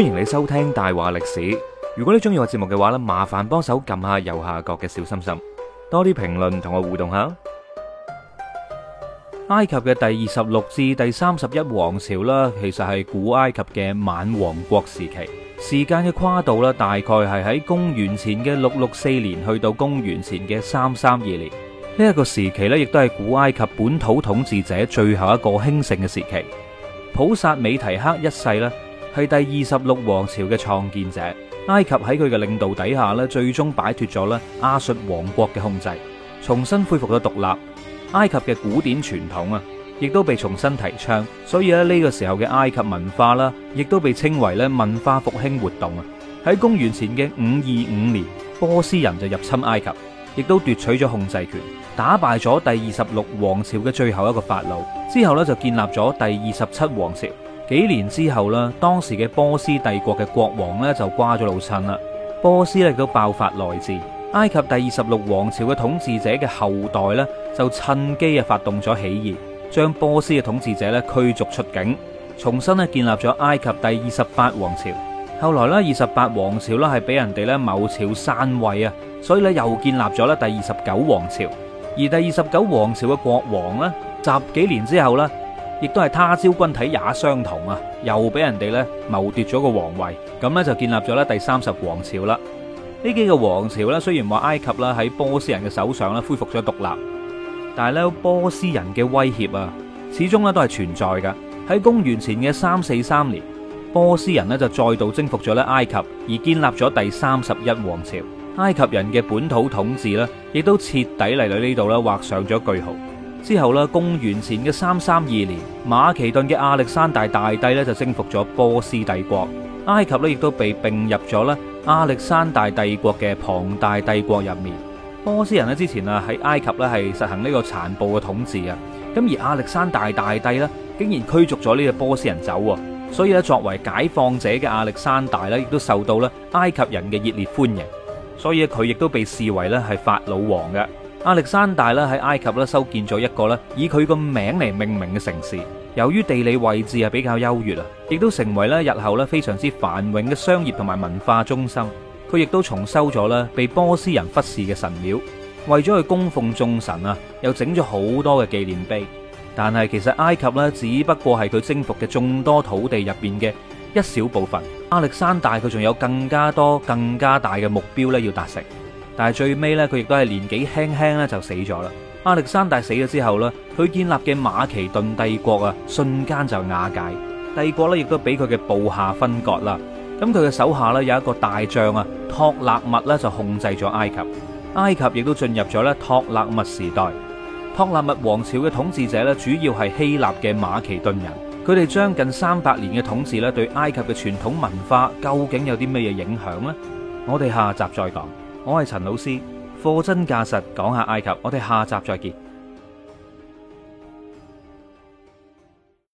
歡迎你收聽大話歷史。如果你中意我節目嘅話呢，麻煩幫手撳下右下角嘅小心心，多啲評論同我互動下。埃及嘅第二十六至第三十一王朝啦，其實係古埃及嘅晚王國時期，時間嘅跨度啦，大概係喺公元前嘅六六四年去到公元前嘅三三二年。呢一個時期呢，亦都係古埃及本土統治者最後一個興盛嘅時期。普薩美提克一世呢。係第二十六王朝嘅創建者，埃及喺佢嘅領導底下咧，最終擺脫咗咧亞述王國嘅控制，重新恢復咗獨立。埃及嘅古典傳統啊，亦都被重新提倡，所以咧呢個時候嘅埃及文化啦，亦都被稱為咧文化復興活動啊。喺公元前嘅五二五年，波斯人就入侵埃及，亦都奪取咗控制權，打敗咗第二十六王朝嘅最後一個法老之後咧，就建立咗第二十七王朝。幾年之後啦，當時嘅波斯帝國嘅國王咧就瓜咗老襯啦。波斯咧都爆發來自埃及第二十六王朝嘅統治者嘅後代咧就趁機啊發動咗起義，將波斯嘅統治者咧驅逐出境，重新咧建立咗埃及第二十八王朝。後來咧，二十八王朝咧係俾人哋咧某朝篡位啊，所以咧又建立咗咧第二十九王朝。而第二十九王朝嘅國王咧，十幾年之後啦。亦都係他朝君體也相同啊！又俾人哋咧謀奪咗個皇位，咁呢就建立咗咧第三十王朝啦。呢幾個王朝呢，雖然話埃及啦喺波斯人嘅手上咧恢復咗獨立，但係呢波斯人嘅威脅啊，始終咧都係存在噶。喺公元前嘅三四三年，波斯人呢就再度征服咗咧埃及，而建立咗第三十一王朝。埃及人嘅本土統治呢，亦都徹底嚟到呢度咧畫上咗句號。之後啦，公元前嘅三三二年，馬其頓嘅亞歷山大大帝咧就征服咗波斯帝國，埃及咧亦都被併入咗咧亞歷山大帝國嘅龐大帝國入面。波斯人咧之前啊喺埃及咧係實行呢個殘暴嘅統治啊，咁而亞歷山大大帝咧竟然驅逐咗呢個波斯人走，所以咧作為解放者嘅亞歷山大咧亦都受到咧埃及人嘅熱烈歡迎，所以佢亦都被視為咧係法老王嘅。亞歷山大咧喺埃及咧修建咗一個咧以佢個名嚟命名嘅城市，由於地理位置啊比較優越啊，亦都成為咧日後咧非常之繁榮嘅商業同埋文化中心。佢亦都重修咗咧被波斯人忽視嘅神廟，為咗去供奉眾神啊，又整咗好多嘅紀念碑。但係其實埃及咧只不過係佢征服嘅眾多土地入邊嘅一小部分。亞歷山大佢仲有更加多、更加大嘅目標咧要達成。但係最尾呢，佢亦都係年紀輕輕咧就死咗啦。亞歷山大死咗之後呢，佢建立嘅馬其頓帝國啊，瞬間就瓦解。帝國呢，亦都俾佢嘅部下分割啦。咁佢嘅手下呢，有一個大將啊托勒密呢，就控制咗埃及。埃及亦都進入咗咧托勒密時代。托勒密王朝嘅統治者呢，主要係希臘嘅馬其頓人。佢哋將近三百年嘅統治呢，對埃及嘅傳統文化究竟有啲咩嘢影響呢？我哋下集再講。我係陳老師，貨真價實講下埃及，我哋下集再見。